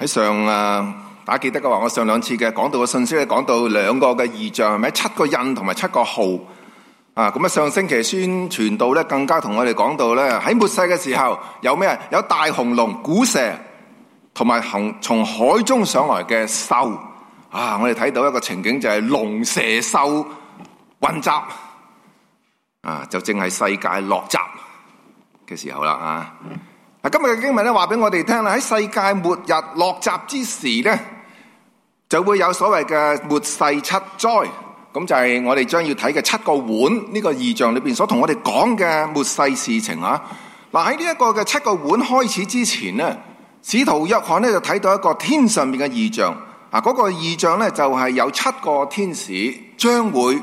喺上啊，大家記得嘅話，我上兩次嘅講到嘅信息咧，講到兩個嘅異象，咪七個印同埋七個號啊！咁啊，上星期宣傳到咧，更加同我哋講到咧，喺末世嘅時候有咩？有大紅龍、古蛇同埋行從海中上來嘅獸啊！我哋睇到一個情景就係龍蛇獸混雜啊，就正係世界落閘嘅時候啦啊！今日嘅經文咧，話俾我哋聽啦，喺世界末日落閘之時呢，就會有所謂嘅末世七災。咁就係我哋將要睇嘅七個碗呢個異象裏邊所同我哋講嘅末世事情啊。嗱，喺呢一個嘅七個碗開始之前呢，使徒約翰呢就睇到一個天上面嘅異象啊。嗰個異象呢，就係有七個天使將會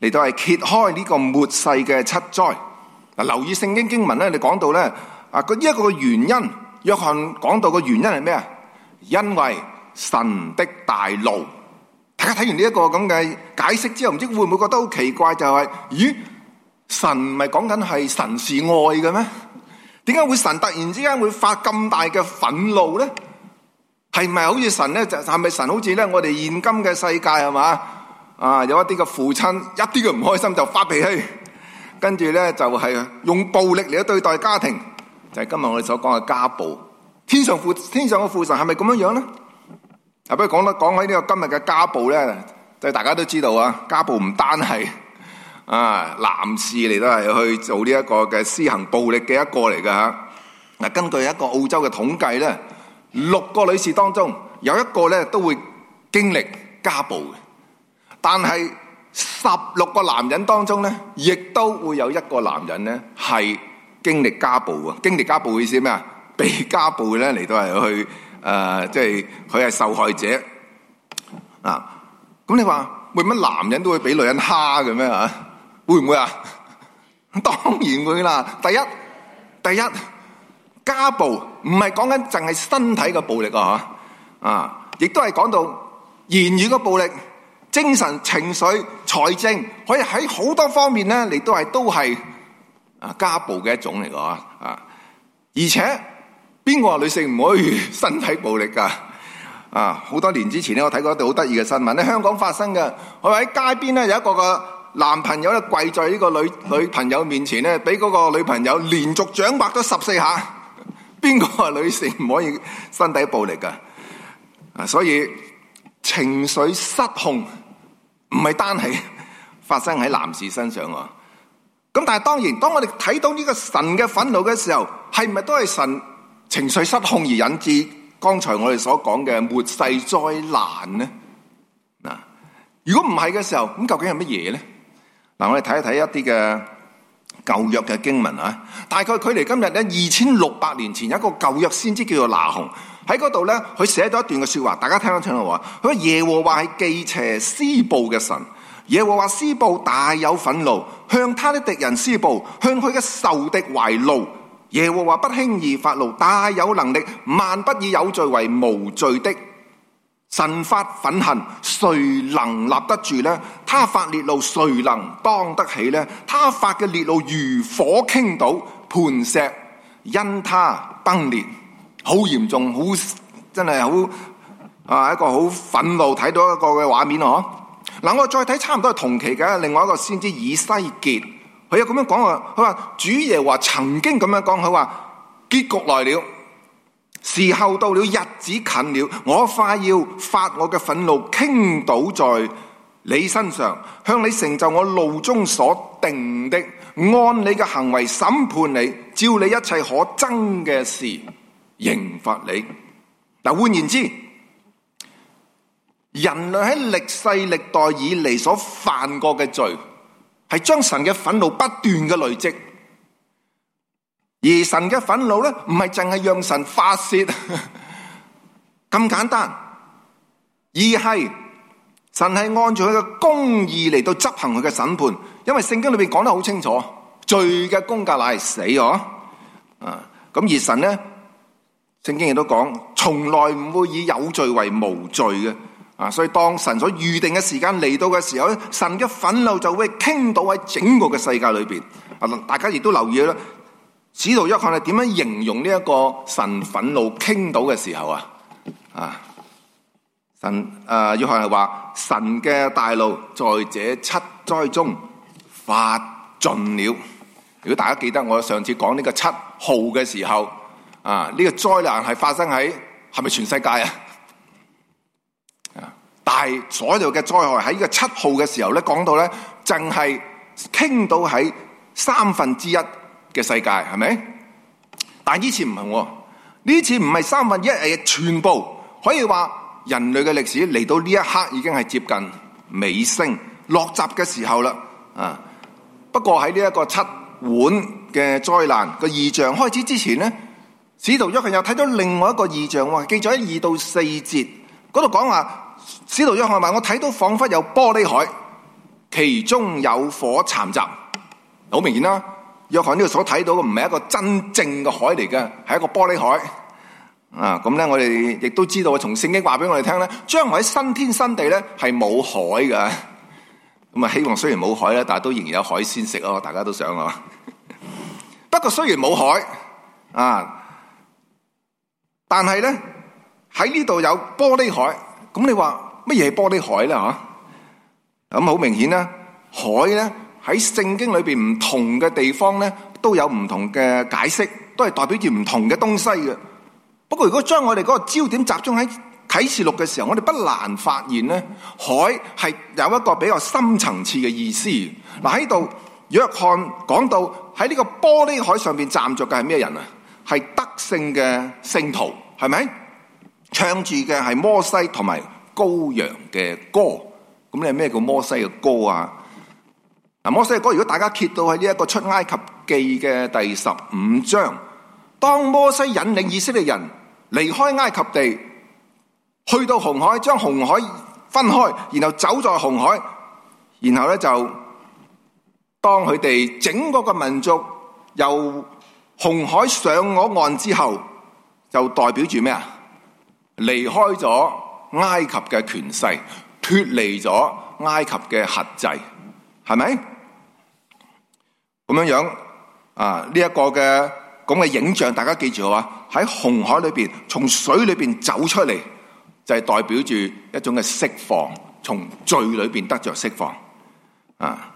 嚟到係揭開呢個末世嘅七災。嗱，留意聖經經文呢，你講到呢。啊！呢一個嘅原因，約翰講到嘅原因係咩啊？因為神的大怒。大家睇完呢一個咁嘅解釋之後，唔知會唔會覺得好奇怪？就係咦，神唔係講緊係神是愛嘅咩？點解會神突然之間會發咁大嘅憤怒咧？係咪好似神咧？就係咪神好似咧？我哋現今嘅世界係嘛？啊，有一啲嘅父親一啲嘅唔開心就發脾氣，跟住咧就係用暴力嚟到對待家庭。就係今日我哋所講嘅家暴，天上父，天上嘅父神係咪咁樣樣咧？啊，不如講得講起呢個今日嘅家暴咧，就大家都知道啊。家暴唔單係啊男士嚟，都係去做呢一個嘅施行暴力嘅一個嚟㗎吓。嗱，根據一個澳洲嘅統計咧，六個女士當中有一個咧都會經歷家暴嘅，但係十六個男人當中咧，亦都會有一個男人咧係。經歷家暴啊！經歷家暴意思咩啊？被家暴咧嚟到係去，誒，即係佢係受害者啊！咁你話會乜男人都會俾女人蝦嘅咩啊？會唔會啊？當然會啦！第一，第一家暴唔係講緊淨係身體嘅暴力啊！吓啊，亦都係講到言語嘅暴力、精神情緒、財政，可以喺好多方面咧，嚟到係都係。家暴嘅一種嚟噶，啊，而且邊個話女性唔可以身體暴力噶？啊，好多年之前咧，我睇過啲好得意嘅新聞咧，香港發生嘅，佢喺街邊咧有一個個男朋友咧跪在呢個女女朋友面前咧，俾嗰個女朋友連續掌摑咗十四下。邊個話女性唔可以身體暴力噶？啊，所以情緒失控唔係單係發生喺男士身上喎。咁但係當然，當我哋睇到呢個神嘅憤怒嘅時候，係咪都係神情緒失控而引致剛才我哋所講嘅末世災難呢？嗱，如果唔係嘅時候，咁究竟係乜嘢呢？嗱，我哋睇一睇一啲嘅舊約嘅經文啊，大概距離今日咧二千六百年前，有一個舊約先知叫做拿鴻喺嗰度咧，佢寫咗一段嘅說話，大家聽一聽啦，話佢個耶和華係記邪施暴嘅神。耶和華施暴，大有憤怒，向他的敵人施暴，向佢嘅仇敵懷怒。耶和華不輕易發怒，大有能力，萬不以有罪為無罪的。神發忿恨，誰能立得住呢？他發烈怒，誰能當得起呢？他發嘅烈怒如火傾倒，磐石因他崩裂，好嚴重，好真係好啊，一個好憤怒，睇到一個嘅畫面、啊嗱，我再睇差唔多係同期嘅，另外一個先知以西結，佢又咁樣講。話，佢話：「主耶和華曾經咁樣講，佢話結局來了，時候到了，日子近了，我快要發我嘅憤怒傾倒在你身上，向你成就我路中所定的，按你嘅行為審判你，照你一切可憎嘅事刑罰你。」嗱，換言之。人類喺歷世歷代以嚟所犯過嘅罪，係將神嘅憤怒不斷嘅累積，而神嘅憤怒咧唔係淨係讓神發洩咁簡單，而係神係按照佢嘅公義嚟到執行佢嘅審判，因為聖經裏邊講得好清楚，罪嘅工價乃係死哦，啊咁而神呢，聖經亦都講，從來唔會以有罪為無罪嘅。所以當神所預定嘅時間嚟到嘅時候咧，神嘅憤怒就會傾倒喺整個嘅世界裏邊。啊，大家亦都留意啦，使徒約翰係點樣形容呢一個神憤怒傾倒嘅時候啊？啊，神誒，約翰係話神嘅大怒在這七災中發盡了。如果大家記得我上次講呢個七號嘅時候，啊，呢個災難係發生喺係咪全世界啊？大所有嘅災害喺呢個七號嘅時候咧，講到咧，正係傾到喺三分之一嘅世界，係咪？但係呢次唔同，哦，呢次唔係三分一，係全部，可以話人類嘅歷史嚟到呢一刻已經係接近尾聲落閘嘅時候啦。啊，不過喺呢一個七碗嘅災難個異象開始之前咧，使徒約翰又睇到另外一個異象喎。記咗喺二到四節嗰度講話，那裏講使徒約翰話：我睇到仿佛有玻璃海，其中有火攙雜，好明顯啦。約翰呢度所睇到嘅唔係一個真正嘅海嚟嘅，係一個玻璃海。啊，咁咧我哋亦都知道，從聖經話俾我哋聽咧，將來喺新天新地咧係冇海㗎。咁啊，希望雖然冇海啦，但係都仍然有海鮮食咯，大家都想啊。 不過雖然冇海啊，但係咧喺呢度有玻璃海。咁你話乜嘢係玻璃海咧？吓，咁好明顯啦，海咧喺聖經裏邊唔同嘅地方咧都有唔同嘅解釋，都係代表住唔同嘅東西嘅。不過如果將我哋嗰個焦點集中喺啟示錄嘅時候，我哋不難發現咧，海係有一個比較深層次嘅意思。嗱，喺度，約翰講到喺呢個玻璃海上邊站着嘅係咩人啊？係得勝嘅聖徒，係咪？唱住嘅係摩西同埋羔羊嘅歌，咁你咩叫摩西嘅歌啊？嗱，摩西嘅歌，如果大家揭到喺呢一個出埃及記嘅第十五章，當摩西引領以色列人離開埃及地，去到紅海，將紅海分開，然後走在紅海，然後咧就當佢哋整個嘅民族由紅海上咗岸之後，就代表住咩啊？離開咗埃及嘅權勢，脱離咗埃及嘅轄制，係咪？咁樣樣啊？呢、這、一個嘅咁嘅影像，大家記住好啊！喺紅海裏邊，從水裏邊走出嚟，就係、是、代表住一種嘅釋放，從罪裏邊得着釋放啊！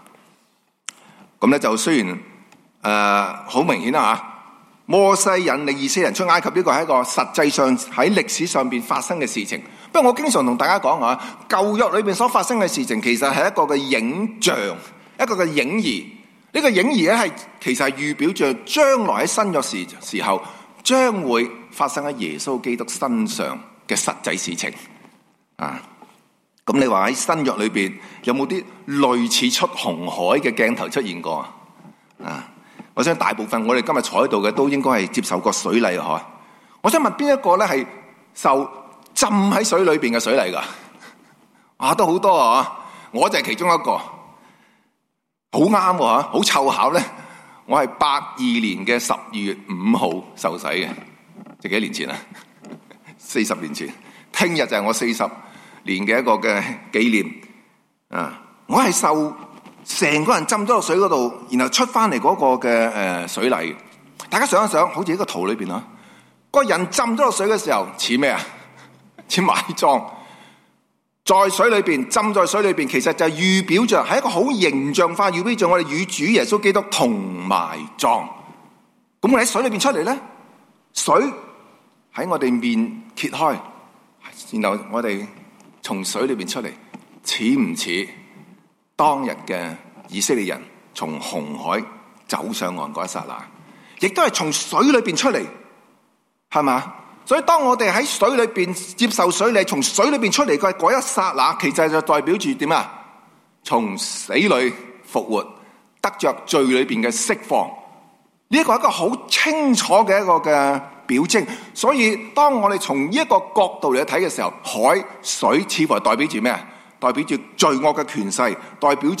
咁咧就雖然誒，好、呃、明顯啊！摩西引領以色列人出埃及，呢個係一個實際上喺歷史上邊發生嘅事情。不過我經常同大家講啊，舊約裏邊所發生嘅事情，其實係一個嘅影像，一個嘅影兒。呢、這個影兒咧係其實係預表着將來喺新約時時候將會發生喺耶穌基督身上嘅實際事情。啊，咁你話喺新約裏邊有冇啲類似出紅海嘅鏡頭出現過啊？啊？我想大部分我哋今日坐喺度嘅都應該係接受過水禮嘅嗬。我想問邊一個咧係受浸喺水裏邊嘅水禮噶？啊，都好多啊！我就係其中一個，好啱喎，好湊巧咧，我係八二年嘅十二月五號受洗嘅，即係幾多年前啊，四十年前。聽日就係我四十年嘅一個嘅紀念啊！我係受。成個人浸咗落水嗰度，然後出翻嚟嗰個嘅誒水禮，大家想一想，好似呢個圖裏邊啊，個人浸咗落水嘅時候似咩啊？似埋葬，在水裏邊浸在水裏邊，其實就預表着係一個好形象化預象，預表我哋與主耶穌基督同埋葬。咁我喺水裏邊出嚟咧，水喺我哋面揭開，然後我哋從水裏邊出嚟，似唔似？當日嘅以色列人從紅海走上岸嗰一剎那，亦都係從水裏邊出嚟，係嘛？所以當我哋喺水裏邊接受水禮，禮從水裏邊出嚟嘅嗰一剎那，其實就代表住點啊？從死裏復活，得着罪裏邊嘅釋放，呢、這個係一個好清楚嘅一個嘅表徵。所以當我哋從呢一個角度嚟睇嘅時候，海水似乎係代表住咩啊？代表住罪惡嘅權勢，代表住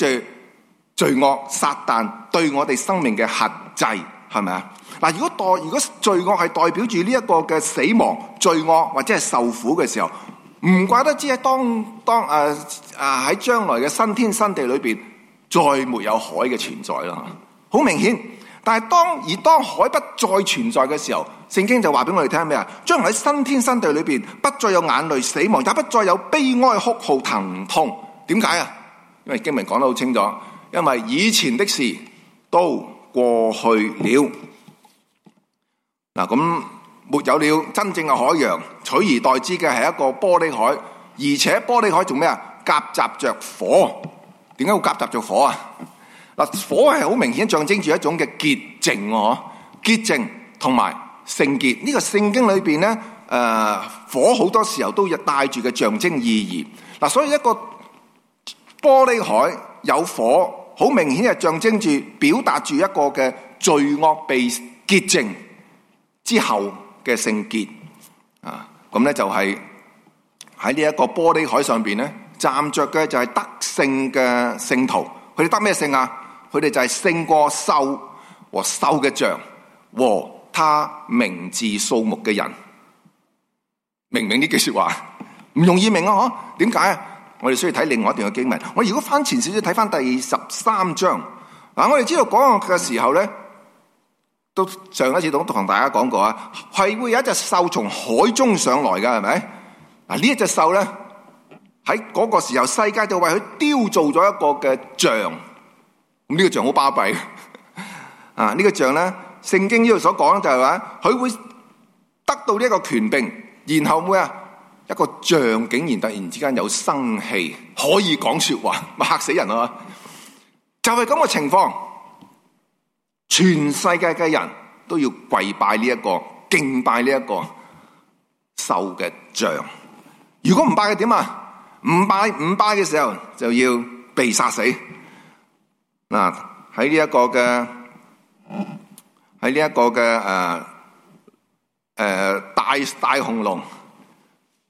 罪惡、撒但對我哋生命嘅限制，係咪啊？嗱，如果代如果罪惡係代表住呢一個嘅死亡、罪惡或者係受苦嘅時候，唔怪得之喺當當誒誒喺將來嘅新天新地裏邊，再沒有海嘅存在啦，好明顯。但係當而當海不再存在嘅時候，聖經就話俾我哋聽咩啊？將來喺新天新地裏邊，不再有眼淚、死亡，也不再有悲哀、哭號、疼痛。點解啊？因為經文講得好清楚，因為以前的事都過去了。嗱，咁沒有了真正嘅海洋，取而代之嘅係一個玻璃海，而且玻璃海做咩啊？夾雜着火。點解會夾雜着火啊？嗱，火係好明顯象徵住一種嘅潔淨，嗬，潔淨同埋聖潔。呢個聖經裏邊咧，誒，火好多時候都有帶住嘅象徵意義。嗱，所以一個玻璃海有火，好明顯係象徵住表達住一個嘅罪惡被潔淨之後嘅聖潔。啊，咁咧就係喺呢一個玻璃海上邊咧，站着嘅就係得勝嘅聖徒，佢哋得咩聖啊？佢哋就係勝過獸和獸嘅像和他名字數目嘅人，明唔明呢句說話？唔容易明啊！嗬，點解？我哋需要睇另外一段嘅經文。我如果翻前少少睇翻第十三章，嗱，我哋知道嗰個嘅時候咧，到上一次都同大家講過啊，係會有一隻獸從海中上來嘅，係咪？嗱，呢一隻獸咧，喺嗰個時候世界就為佢雕造咗一個嘅像。呢個像好巴閉，啊！呢個像咧，聖經呢度所講就係話，佢會得到呢一個權柄，然後會啊一個像竟然突然之間有生氣，可以講說話，咪嚇死人咯！就係咁嘅情況，全世界嘅人都要跪拜呢一個，敬拜呢一個獸嘅像。如果唔拜嘅點啊？唔拜，唔拜嘅時候就要被殺死。嗱喺呢一個嘅喺呢一個嘅誒誒大大紅龍、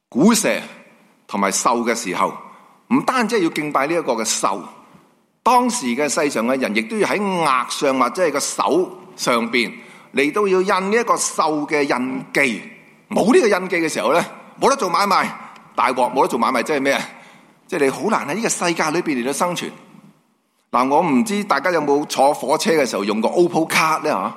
古蛇同埋獸嘅時候，唔單止係要敬拜呢一個嘅獸，當時嘅世上嘅人亦都要喺額上或者係個手上邊嚟到要印呢一個獸嘅印記。冇呢個印記嘅時候咧，冇得做買賣，大鑊冇得做買賣，即係咩啊？即係你好難喺呢個世界裏邊嚟到生存。嗱，我唔知大家有冇坐火車嘅時候用過 OPPO 卡咧吓，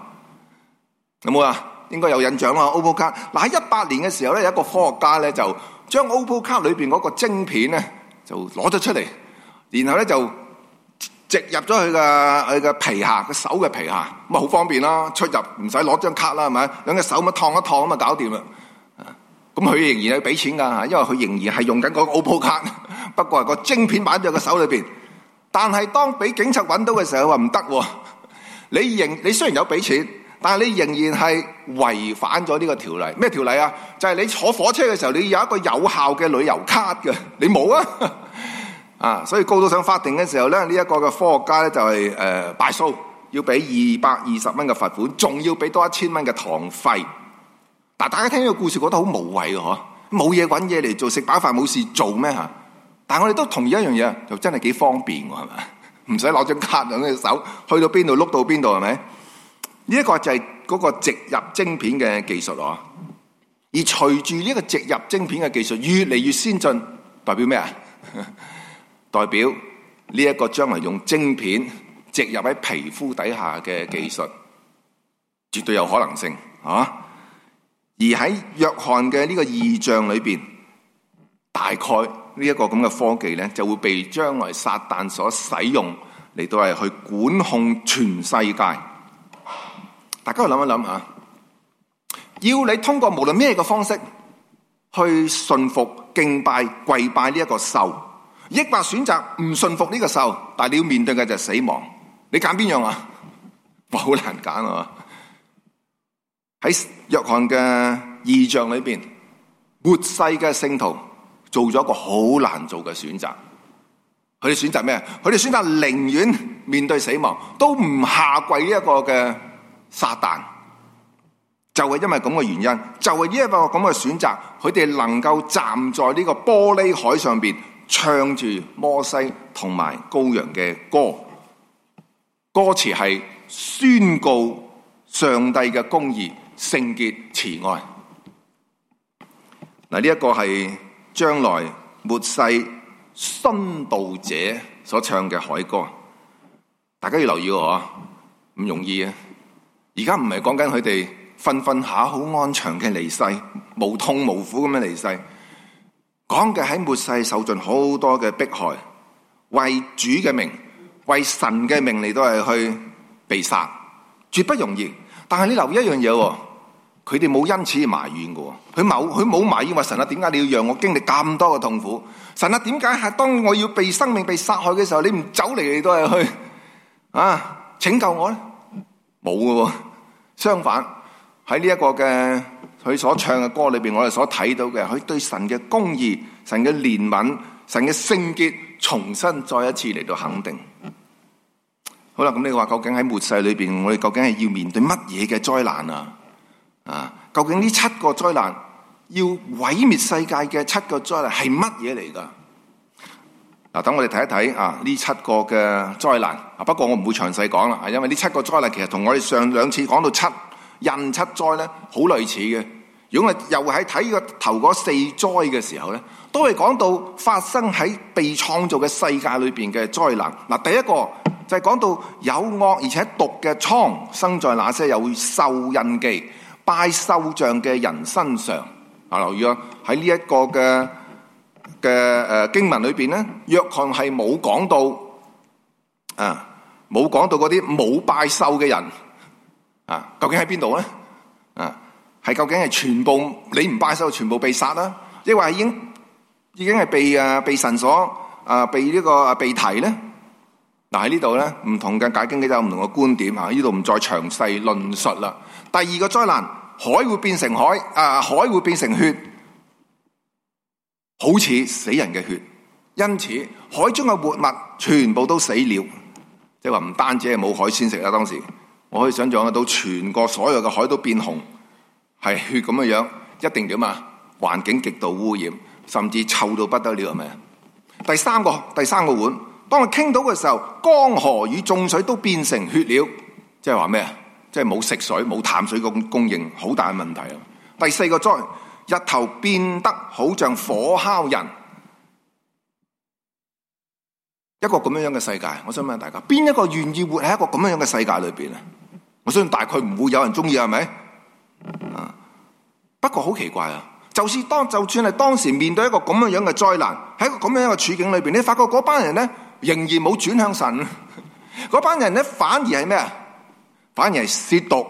有冇啊？應該有印象啦，OPPO 卡。嗱，喺一八年嘅時候咧，有一個科學家咧就將 OPPO 卡裏邊嗰個晶片咧就攞咗出嚟，然後咧就植入咗佢嘅佢嘅皮下，個手嘅皮下咁啊，好方便啦，出入唔使攞張卡啦，係咪？用個手咁燙一燙咁啊，搞掂啦。咁佢仍然係俾錢噶吓，因為佢仍然係用緊嗰個 OPPO 卡，不過係個晶片擺咗個手裏邊。但係當俾警察揾到嘅時候，話唔得，你仍你雖然有俾錢，但係你仍然係違反咗呢個條例。咩條例啊？就係你坐火車嘅時候，你有一個有效嘅旅遊卡嘅，你冇啊？啊，所以告到上法庭嘅時候咧，呢一個嘅科學家咧就係誒敗訴，要俾二百二十蚊嘅罰款，仲要俾多一千蚊嘅堂費。但大家聽呢個故事覺得好無謂嘅嗬，冇嘢揾嘢嚟做，食飽飯冇事做咩吓？但我哋都同意一樣嘢，就真係幾方便喎，係咪？唔使攞張卡兩隻手，去到邊度碌到邊度，係咪？呢一個就係嗰個植入晶片嘅技術啊！而隨住呢個植入晶片嘅技術越嚟越先進，代表咩啊？代表呢一個將來用晶片植入喺皮膚底下嘅技術，絕對有可能性，係嘛？而喺約翰嘅呢個異象裏邊。大概呢一個咁嘅科技咧，就會被將來撒旦所使用嚟到係去管控全世界。大家去諗一諗啊！要你通過無論咩嘅方式去順服、敬拜、跪拜呢一個獸，抑或選擇唔順服呢個獸，但係你要面對嘅就係死亡。你揀邊樣啊？我好難揀啊！喺約翰嘅異象裏邊，末世嘅聖徒。做咗一個好難做嘅選擇，佢哋選擇咩？佢哋選擇寧願面對死亡，都唔下跪呢一個嘅撒旦。就係、是、因為咁嘅原因，就係呢一個咁嘅選擇，佢哋能夠站在呢個玻璃海上邊，唱住摩西同埋羔羊嘅歌，歌詞係宣告上帝嘅公義、聖潔、慈愛。嗱，呢一個係。將來末世殉道者所唱嘅海歌，大家要留意哦，唔容易啊！而家唔係講緊佢哋瞓瞓下好安詳嘅離世，無痛無苦咁樣離世，講嘅喺末世受盡好多嘅迫害，為主嘅名，為神嘅名，嚟，都係去被殺，絕不容易。但係你留意一樣嘢。佢哋冇因此埋怨嘅，佢冇佢冇埋怨話神啊，點解你要讓我經歷咁多嘅痛苦？神啊，點解係當我要被生命被殺害嘅時候，你唔走嚟你都係去啊？拯救我咧？冇嘅，相反喺呢一個嘅佢所唱嘅歌裏邊，我哋所睇到嘅佢對神嘅公義、神嘅憐憫、神嘅聖潔，重新再一次嚟到肯定。好啦，咁你話究竟喺末世裏邊，我哋究竟係要面對乜嘢嘅災難啊？啊、究竟呢七個災難要毀滅世界嘅七個災難係乜嘢嚟噶？等我哋睇一睇啊！呢、啊、七個嘅災難啊，不過我唔會詳細講啦、啊，因為呢七個災難其實同我哋上兩次講到七印七災咧，好類似嘅。如果我又喺睇個頭嗰四災嘅時候咧，都係講到發生喺被創造嘅世界裏邊嘅災難。嗱、啊，第一個就係、是、講到有惡而且毒嘅瘡生在那些，有獸印記、拜獸像嘅人身上啊，留意啊，喺呢一個嘅嘅誒經文裏邊咧，約翰係冇講到啊，冇講到嗰啲冇拜獸嘅人啊，究竟喺邊度咧？啊，係究竟係全部你唔拜獸就全部被殺啦？抑或係已經已經係被啊被神所啊被呢個啊被提咧？嗱，喺呢度咧，唔同嘅解經嘅都有唔同嘅觀點啊，呢度唔再詳細論述啦。第二個災難，海會變成海，啊、呃，海會變成血，好似死人嘅血。因此，海中嘅活物全部都死了，即係話唔單止係冇海鮮食啦。當時我可以想象得到，全國所有嘅海都變紅，係血咁嘅樣，一定點呀。環境極度污染，甚至臭到不得了，係咪？第三個，第三個碗，當我傾到嘅時候，江河與眾水都變成血了，即係話咩啊？即係冇食水，冇淡水個供應，好大嘅問題啊！第四個災，日頭變得好像火烤人，一個咁樣樣嘅世界，我想問大家，邊一個願意活喺一個咁樣樣嘅世界裏邊啊？我相信大概唔會有人中意係咪？啊，不過好奇怪啊！就算當就算係當時面對一個咁樣樣嘅災難，喺一個咁樣樣嘅處境裏邊，你發覺嗰班人咧仍然冇轉向神，嗰班人咧反而係咩啊？反而係褻瀆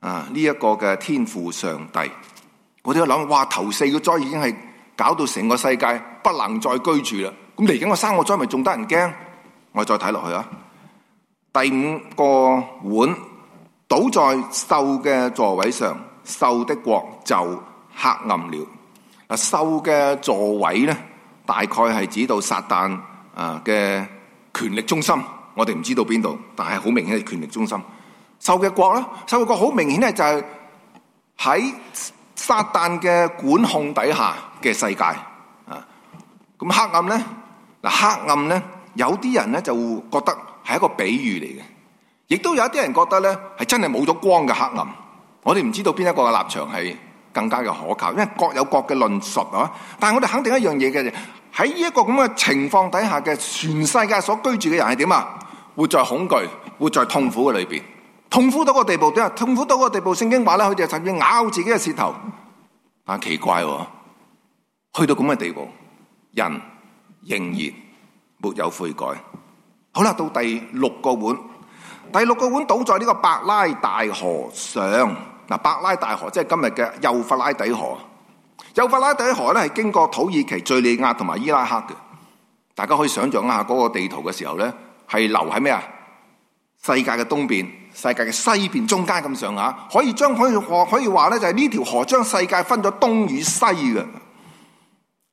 啊！呢一個嘅天父上帝，我哋要諗，哇，頭四個災已經係搞到成個世界不能再居住啦。咁嚟緊個三個災咪仲得人驚？我再睇落去啊。第五個碗倒在獸嘅座位上，獸的國就黑暗了。啊，獸嘅座位咧，大概係指到撒旦啊嘅權力中心。我哋唔知道邊度，但係好明顯係權力中心。受嘅國咧，受嘅國好明顯咧就係喺撒旦嘅管控底下嘅世界啊。咁黑暗咧，嗱黑暗咧，有啲人咧就會覺得係一個比喻嚟嘅，亦都有一啲人覺得咧係真係冇咗光嘅黑暗。我哋唔知道邊一個嘅立場係更加嘅可靠，因為各有各嘅論述啊。但係我哋肯定一樣嘢嘅。喺呢一個咁嘅情況底下嘅全世界所居住嘅人係點啊？活在恐懼，活在痛苦嘅裏邊，痛苦到個地步，點啊？痛苦到個地步，聖經話咧，佢哋就曾經咬自己嘅舌頭。啊，奇怪喎，哦！去到咁嘅地步，人仍然沒有悔改。好啦，到第六個碗，第六個碗倒在呢個伯拉大河上。嗱，伯拉大河即係、就是、今日嘅幼發拉底河。幼法拉底河咧係經過土耳其、敘利亞同埋伊拉克嘅，大家可以想象一下嗰個地圖嘅時候咧，係流喺咩啊？世界嘅東邊、世界嘅西邊中間咁上下，可以將可以可可以話咧就係呢條河將世界分咗東與西嘅。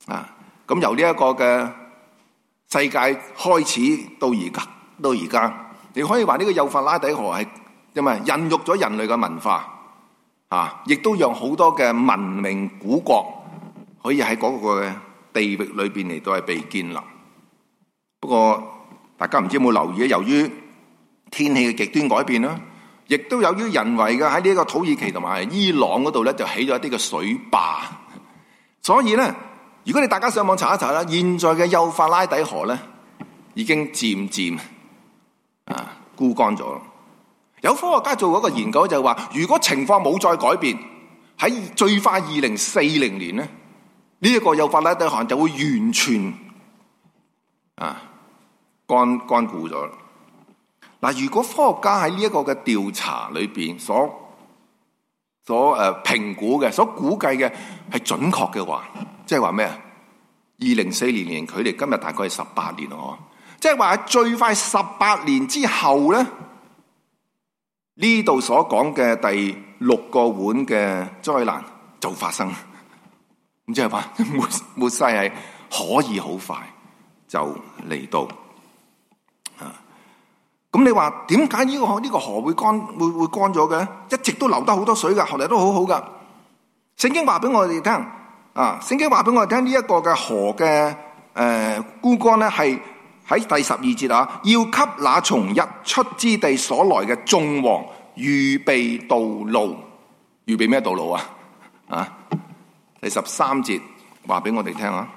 啊，咁由呢一個嘅世界開始到而家到而家，你可以話呢個幼法拉底河係唔係孕育咗人類嘅文化。啊！亦都讓好多嘅文明古國可以喺嗰個嘅地域裏邊嚟到係被建立。不過大家唔知有冇留意咧，由於天氣嘅極端改變啦，亦、啊、都由於人為嘅喺呢一個土耳其同埋伊朗嗰度咧，就起咗一啲嘅水壩。所以咧，如果你大家上網查一查啦，現在嘅幼發拉底河咧，已經漸漸啊枯乾咗。有科學家做過一個研究就係話，如果情況冇再改變，喺最快二零四零年咧，呢、這、一個有法拉第汗就會完全啊幹幹枯咗。嗱，如果科學家喺呢一個嘅調查裏邊所所誒評估嘅、所估計嘅係準確嘅話，即係話咩啊？二零四零年距離今日大概係十八年哦，即係話喺最快十八年之後咧。呢度所講嘅第六個碗嘅災難就發生，咁即係話末末世係可以好快就嚟到啊！咁你話點解呢個呢個河會乾會會乾咗嘅？一直都流得好多水噶，後嚟都很好好噶。聖經話俾我哋聽啊，聖經話俾我哋聽呢一個嘅河嘅誒枯乾咧係。喺第十二節啊，要給那從日出之地所來嘅眾王預備道路，預備咩道路啊？啊，第十三節話俾我哋聽啊，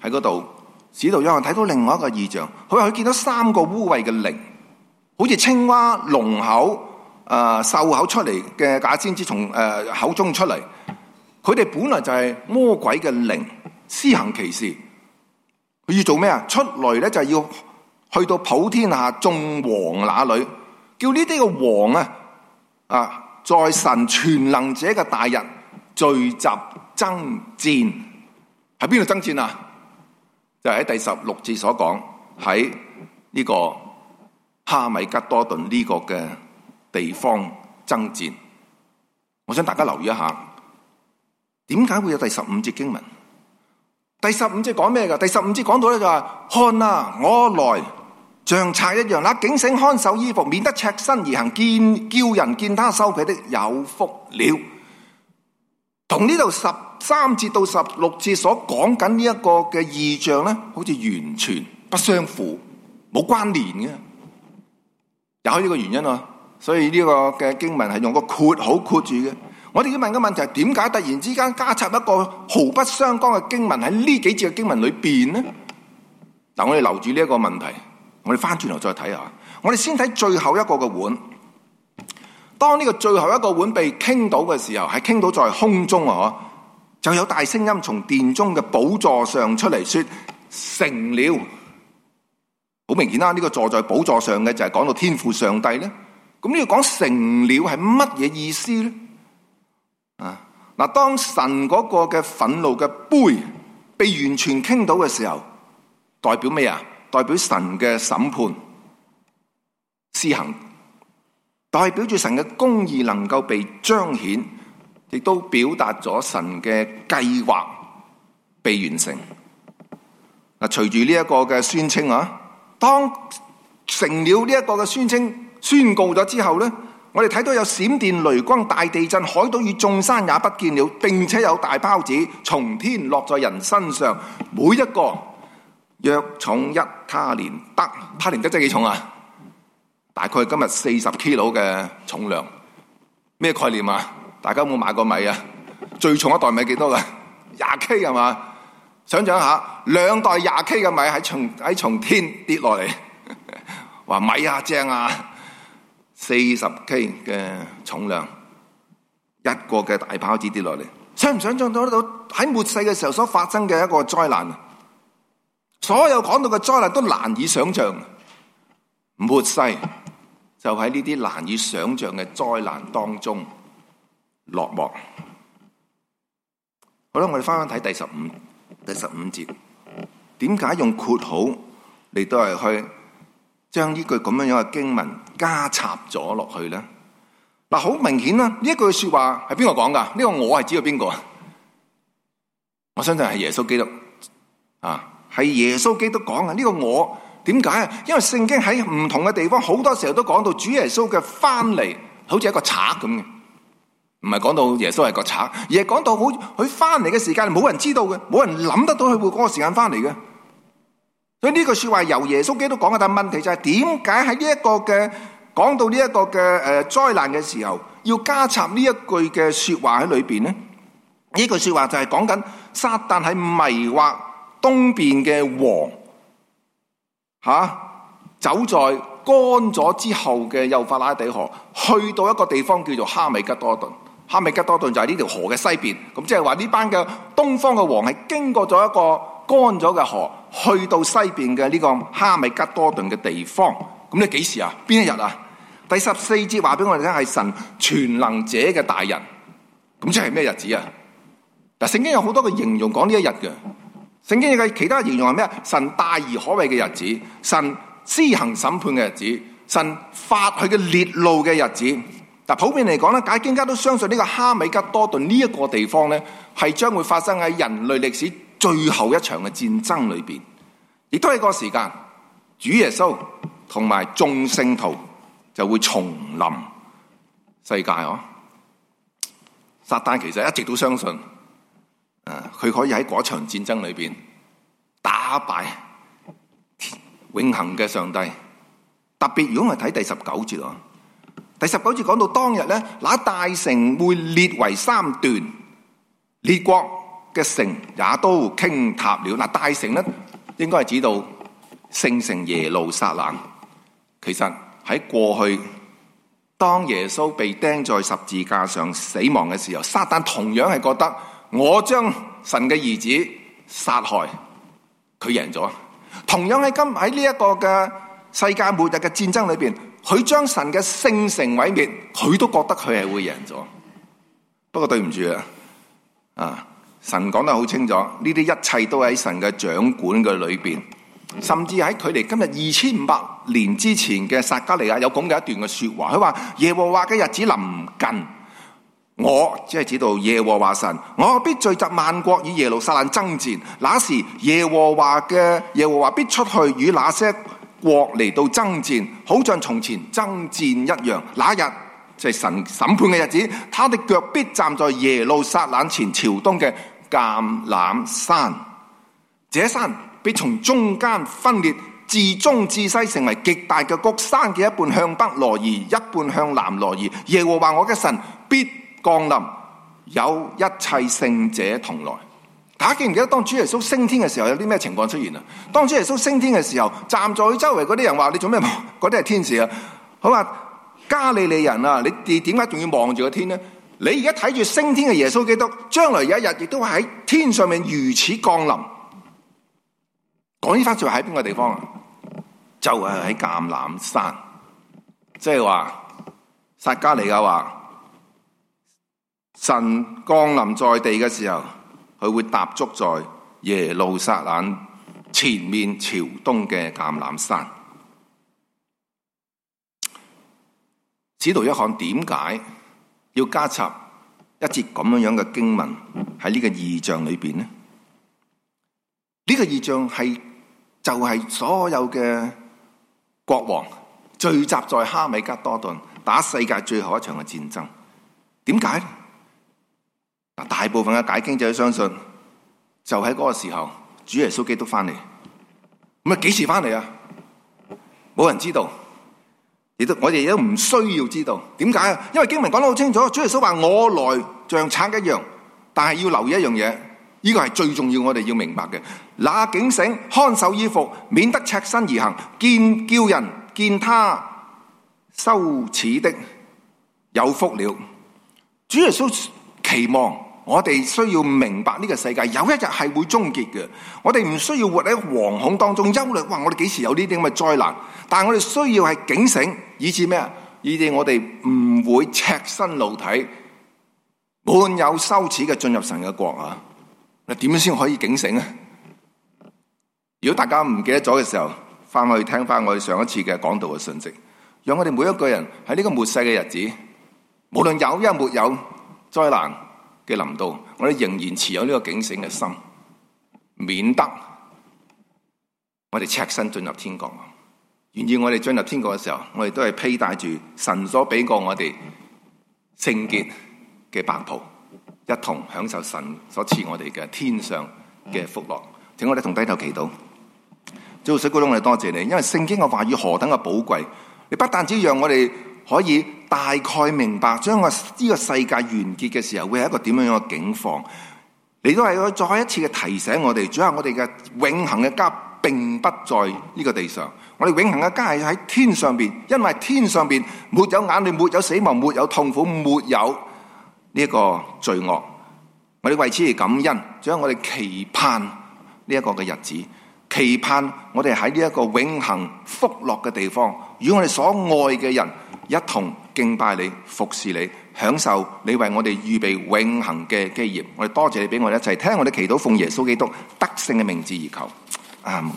喺嗰度，使徒約翰睇到另外一個異象，佢話佢見到三個污穢嘅靈，好似青蛙、龍口、誒、呃、獸口出嚟嘅假先知從誒、呃、口中出嚟，佢哋本來就係魔鬼嘅靈，施行奇事。佢要做咩啊？出來咧就係要去到普天下眾王那裏，叫呢啲嘅王啊，啊，在神全能者嘅大日聚集爭戰，喺邊度爭戰啊？就係喺第十六節所講，喺呢個哈米吉多頓呢個嘅地方爭戰。我想大家留意一下，點解會有第十五節經文？第十五節講咩噶？第十五節講到咧就話：看啊，我來像賊一樣啦，啊，警醒看守衣服，免得赤身而行；見叫人見他收皮的有福了。同呢度十三節到十六節所講緊呢一個嘅異象咧，好似完全不相符，冇關聯嘅。有呢個原因啊，所以呢個嘅經文係用個括號括住嘅。我哋要問嘅問題係：點解突然之間加插一個毫不相干嘅經文喺呢幾節嘅經文裏邊呢？但我哋留住呢一個問題，我哋翻轉頭再睇下。我哋先睇最後一個嘅碗。當呢個最後一個碗被傾倒嘅時候，係傾倒在空中啊！就有大聲音從殿中嘅寶座上出嚟，說：成了。好明顯啦，呢、呢個坐在寶座上嘅就係講到天父上帝呢。咁呢個講成了係乜嘢意思呢？嗱，當神嗰個嘅憤怒嘅杯被完全傾倒嘅時候，代表咩啊？代表神嘅審判施行，代表住神嘅公義能夠被彰顯，亦都表達咗神嘅計劃被完成。嗱，隨住呢一個嘅宣稱啊，當成了呢一個嘅宣稱宣告咗之後咧。我哋睇到有閃電、雷光、大地震、海島與眾山也不見了，並且有大包子從天落在人身上，每一個約重一卡連德。卡連德真係幾重啊？大概今日四十 kg 嘅重量，咩概念啊？大家有冇買過米啊？最重一袋米幾多噶？廿 kg 係嘛？想象一下，兩袋廿 kg 嘅米喺從喺從天跌落嚟，話米啊正啊！四十 K 嘅重量，一個嘅大炮子跌落嚟，想唔想象得到喺末世嘅時候所發生嘅一個災難？所有講到嘅災難都難以想象。末世就喺呢啲難以想象嘅災難當中落幕。好啦，我哋翻翻睇第十五第十五節，點解用括號嚟都嚟去將呢句咁樣樣嘅經文？加插咗落去咧，嗱，好明顯啦！呢一句說話係邊個講噶呢個我係指道邊個啊？我相信係耶穌基督啊，係耶穌基督講㗎。呢個我點解啊？因為聖經喺唔同嘅地方好多時候都講到主耶穌嘅翻嚟，好似一個賊咁嘅，唔係講到耶穌係個賊，而係講到好佢翻嚟嘅時間冇人知道嘅，冇人諗得到佢會嗰個時間翻嚟嘅。所以呢句說話由耶穌基督講嘅，但係問題就係點解喺呢一個嘅講到呢一個嘅誒災難嘅時候，要加插呢一句嘅說話喺裏邊呢？呢句說話就係講緊撒旦喺迷惑東邊嘅王，吓走在乾咗之後嘅幼發拉底河，去到一個地方叫做哈米吉多頓。哈米吉多頓就係呢條河嘅西邊，咁即係話呢班嘅東方嘅王係經過咗一個乾咗嘅河。去到西邊嘅呢個哈米吉多頓嘅地方，咁你幾時啊？邊一日啊？第十四節話俾我哋聽係神全能者嘅大人，咁即係咩日子啊？嗱，聖經有好多嘅形容講呢一日嘅，聖經嘅其他形容係咩啊？神大而可畏嘅日子，神施行審判嘅日子，神發去嘅烈怒嘅日子。嗱，普遍嚟講咧，解經家都相信呢個哈米吉多頓呢一個地方咧，係將會發生喺人類歷史最後一場嘅戰爭裏邊，亦都係個時間，主耶穌同埋眾聖徒就會重臨世界哦。撒旦其實一直都相信，誒佢可以喺嗰場戰爭裏邊打敗永恆嘅上帝。特別如果我睇第十九節啊，第十九節講到當日咧，嗱，大城會列為三段列國。嘅城也都傾塌了。嗱，大城咧，應該係指到聖城耶路撒冷。其實喺過去，當耶穌被釘在十字架上死亡嘅時候，撒旦同樣係覺得我將神嘅兒子殺害，佢贏咗。同樣喺今、喺呢一個嘅世界末日嘅戰爭裏邊，佢將神嘅聖城毀滅，佢都覺得佢係會贏咗。不過對唔住啊，啊！神講得好清楚，呢啲一切都喺神嘅掌管嘅裏邊，甚至喺距離今日二千五百年之前嘅撒加利亞有咁嘅一段嘅說話，佢話耶和華嘅日子臨近，我即係、就是、指到耶和華神，我必聚集萬國與耶路撒冷爭戰，那時耶和華嘅耶和華必出去與那些國嚟到爭戰，好像從前爭戰一樣，那日就係、是、神審判嘅日子，他的腳必站在耶路撒冷前朝東嘅。橄欖山，這山被從中間分裂，自東至西成為極大嘅谷。山嘅一半向北挪移，一半向南挪移。耶和華我嘅神必降臨，有一切聖者同來。大家記唔記得當主耶穌升天嘅時候有啲咩情況出現啊？當主耶穌升天嘅時候，站在佢周圍嗰啲人話：你做咩？嗰啲係天使啊！好喇，加利利人啊，你哋點解仲要望住個天呢？你而家睇住升天嘅耶穌基督，將來有一日亦都會喺天上面如此降臨。講呢番說話喺邊個地方？就係喺橄欖山，即係話撒迦尼亞嘅話，神降臨在地嘅時候，佢會踏足在耶路撒冷前面朝東嘅橄欖山。指導一看，點解？要加插一節咁樣樣嘅經文喺呢個異象裏邊咧，呢個異象係就係所有嘅國王聚集在哈米加多頓打世界最後一場嘅戰爭。點解咧？大部分嘅解經者都相信，就喺嗰個時候，主耶穌基督翻嚟。咁啊，幾時翻嚟啊？冇人知道。亦都我哋都唔需要知道點解啊？因為經文講得好清楚，主耶穌話我來像賊一樣，但係要留意一樣嘢，呢個係最重要，我哋要明白嘅。那警醒看守衣服，免得赤身而行；見叫人見他羞恥的，有福了。主耶穌期望我哋需要明白呢個世界有一日係會終結嘅，我哋唔需要活喺惶恐當中憂慮。哇！我哋幾時有呢啲咁嘅災難？但係我哋需要係警醒。以致咩啊？以致我哋唔會赤身露體、滿有羞恥嘅進入神嘅國啊！嗱，點樣先可以警醒啊？如果大家唔記得咗嘅時候，翻去聽翻我哋上一次嘅講道嘅信息，讓我哋每一個人喺呢個末世嘅日子，無論有亦係沒有災難嘅臨到，我哋仍然持有呢個警醒嘅心，免得我哋赤身進入天國。願意我哋進入天國嘅時候，我哋都係披戴住神所俾過我哋聖潔嘅白袍，一同享受神所賜我哋嘅天上嘅福樂。請我哋同低頭祈禱。最後，水姑娘，我哋多謝你，因為聖經嘅話語何等嘅寶貴！你不但止讓我哋可以大概明白，將個呢個世界完結嘅時候會係一個點樣樣嘅境況，你都係再一次嘅提醒我哋，主要我哋嘅永恆嘅家並不在呢個地上。我哋永恒嘅家係喺天上邊，因為天上邊沒有眼淚、沒有死亡、沒有痛苦、沒有呢一個罪惡。我哋為此而感恩，將我哋期盼呢一個嘅日子，期盼我哋喺呢一個永恒福樂嘅地方，與我哋所愛嘅人一同敬拜你、服侍你、享受你為我哋預備永恒嘅基業。我哋多謝你俾我哋一齊聽我哋祈禱，奉耶穌基督得勝嘅名字而求。啊！